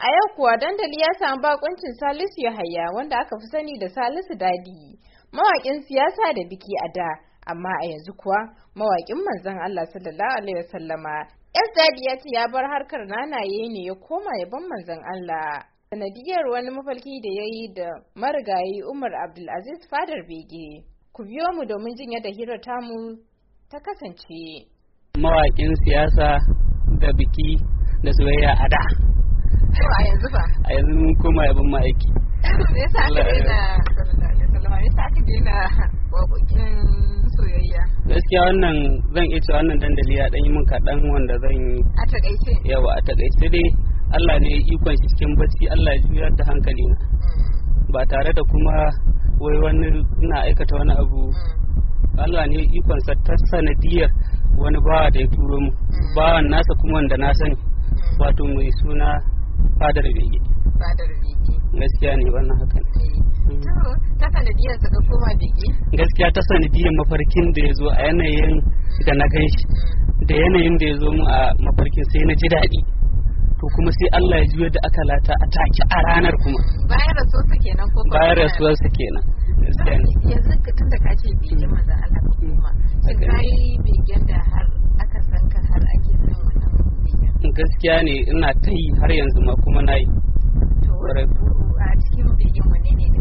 A yau kuwa dandali ya samu bakuncin Salisu Yahaya wanda aka fi sani da Salisu Dadi, mawaƙin siyasa da biki a da, amma a yanzu kuwa mawaƙin manzan Allah sallallahu alaihi wasallama. Yas Dadi ya ce ya bar harkar nanaye ne ya koma yaban manzan Allah. Sanadiyar wani mafalki da ya yi da marigayi Umar Abdulaziz Fadar Bege. Ku biyo mu domin jin yadda ta mu ta kasance. Mawaƙin siyasa da biki da soyayya a da. a yanzu ba. A yanzu mun koma yabon ma'aiki. Me yasa aka daina sallallahu daina waƙoƙin soyayya? Gaskiya wannan zan iya cewa wannan dandali ya dan yi min kaɗan wanda zan yi. A taƙaice. Yawa a taƙaice dai Allah ne ya ikon shi cikin bacci Allah ya juyar da hankali na. Mm. Ba tare da kuma wai wani na aikata wani abu mm. Allah ne ikon sa ta sanadiyar wani bawa da ya turo mu mm. bawan nasa kuma wanda na sani wato mai suna fadar bege fadar bege gaskiya ne wannan hakan eh. ta sanadiyar sa ga koma bege gaskiya ta sanadiyar mafarkin da ya zo a yanayin da na gan shi da yanayin da ya zo mu a mafarkin sai na ji daɗi to kuma sai Allah ya juya da aka lata a take a ranar kuma bayan rasuwar sa kenan ko bayan rasuwar sa kenan yanzu ka da ka ce bege maza Allah kuma shin kai begen da har aka san ka har ake gaskiya ne ina ta yi har yanzu ma kuma na yi a cikin ne da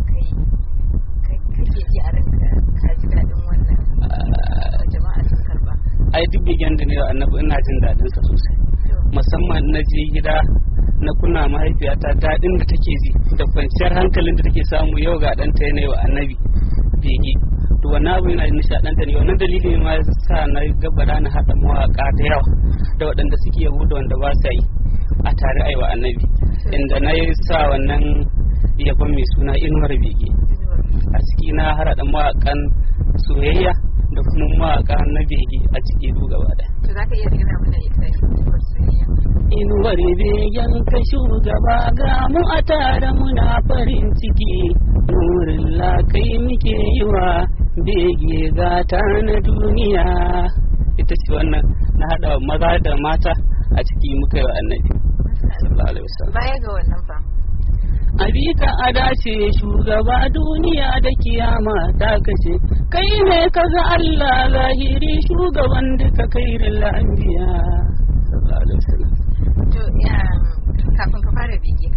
kake ji a daɗin wannan ah. ai duk bigin da ne annabu ina jin daɗin sa sosai musamman na je gida na kuna mahaifiyata daɗin da take ji da kwanciyar hankalin da take samu yau ga ɗanta yanayi wa annabi wannan abu yana nishaɗanta ne wannan dalilin ma ya sa na gabara na haɗa mawaƙa da yawa da waɗanda suke yabo da wanda ba sa yi a tare aiwa annabi inda na yi sa wannan yabon mai suna inuwar bege a ciki na har mawaƙan soyayya da kuma mawaƙa na bege a ciki du gaba da. Za inuwar begen ka shugaba ga mu a tare muna farin ciki. Nurin lakai muke yi wa bege gata na duniya ita ce wannan na haɗa maza da mata a ciki muka yi wa annabi baya ga wannan fa a dace shugaba duniya da kiyama ta kashe kai ne kaza Allah zahiri shugaban duka kairin la'ambiya sallallahu alaihi wasallam to kafin ka fara bege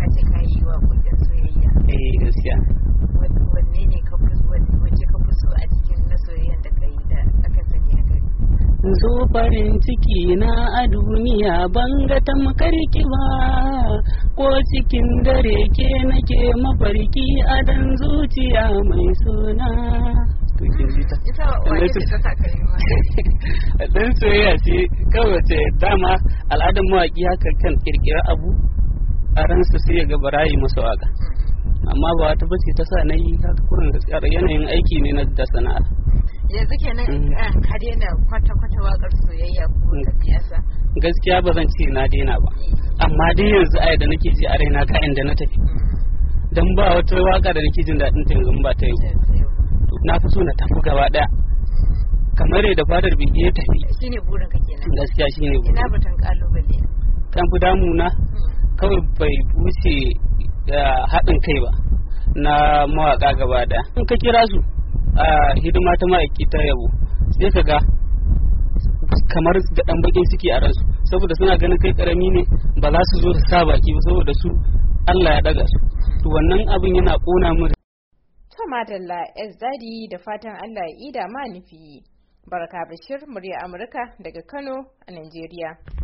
zo farin ciki na a duniya banga tamkar ki ba ko cikin dare ke nake mafarki a dan zuciya mai suna dan soyayya ce ce dama al'adar mawaƙi haka kan kirkira abu a ransa sai ya ga barayi masa waka mm-hmm. amma ba wata bace ta sa na yi haka kurin da yanayin aiki ne na da sana'a yanzu kenan mm. ka daina kwata-kwata wakar soyayya ko mm. siyasa gaskiya ba zan ce na daina ba mm. amma dai yanzu ai da nake ji a raina ka inda na tafi dan ba wata waka da nake jin daɗin ta yanzu ba ta yi na fi so na tafi gaba ɗaya kamar yadda fadar bi ya tafi shine burin ka kenan gaskiya shine burin ina batun kalubale kan fi damuna kawai bai wuce eh, haɗin kai ba na mawaka gaba ɗaya in ka kira su A hidima ta ma'aiki ta yabo sai ka ga kamar da dan bakin suke a ransu saboda suna ganin kai karami ne ba za su zo su sa baki ba saboda su Allah ya daga su to wannan abin yana kona mu to madalla zadi da fatan Allah ya ida ma nufi barka bashir murya amurka daga Kano a Najeriya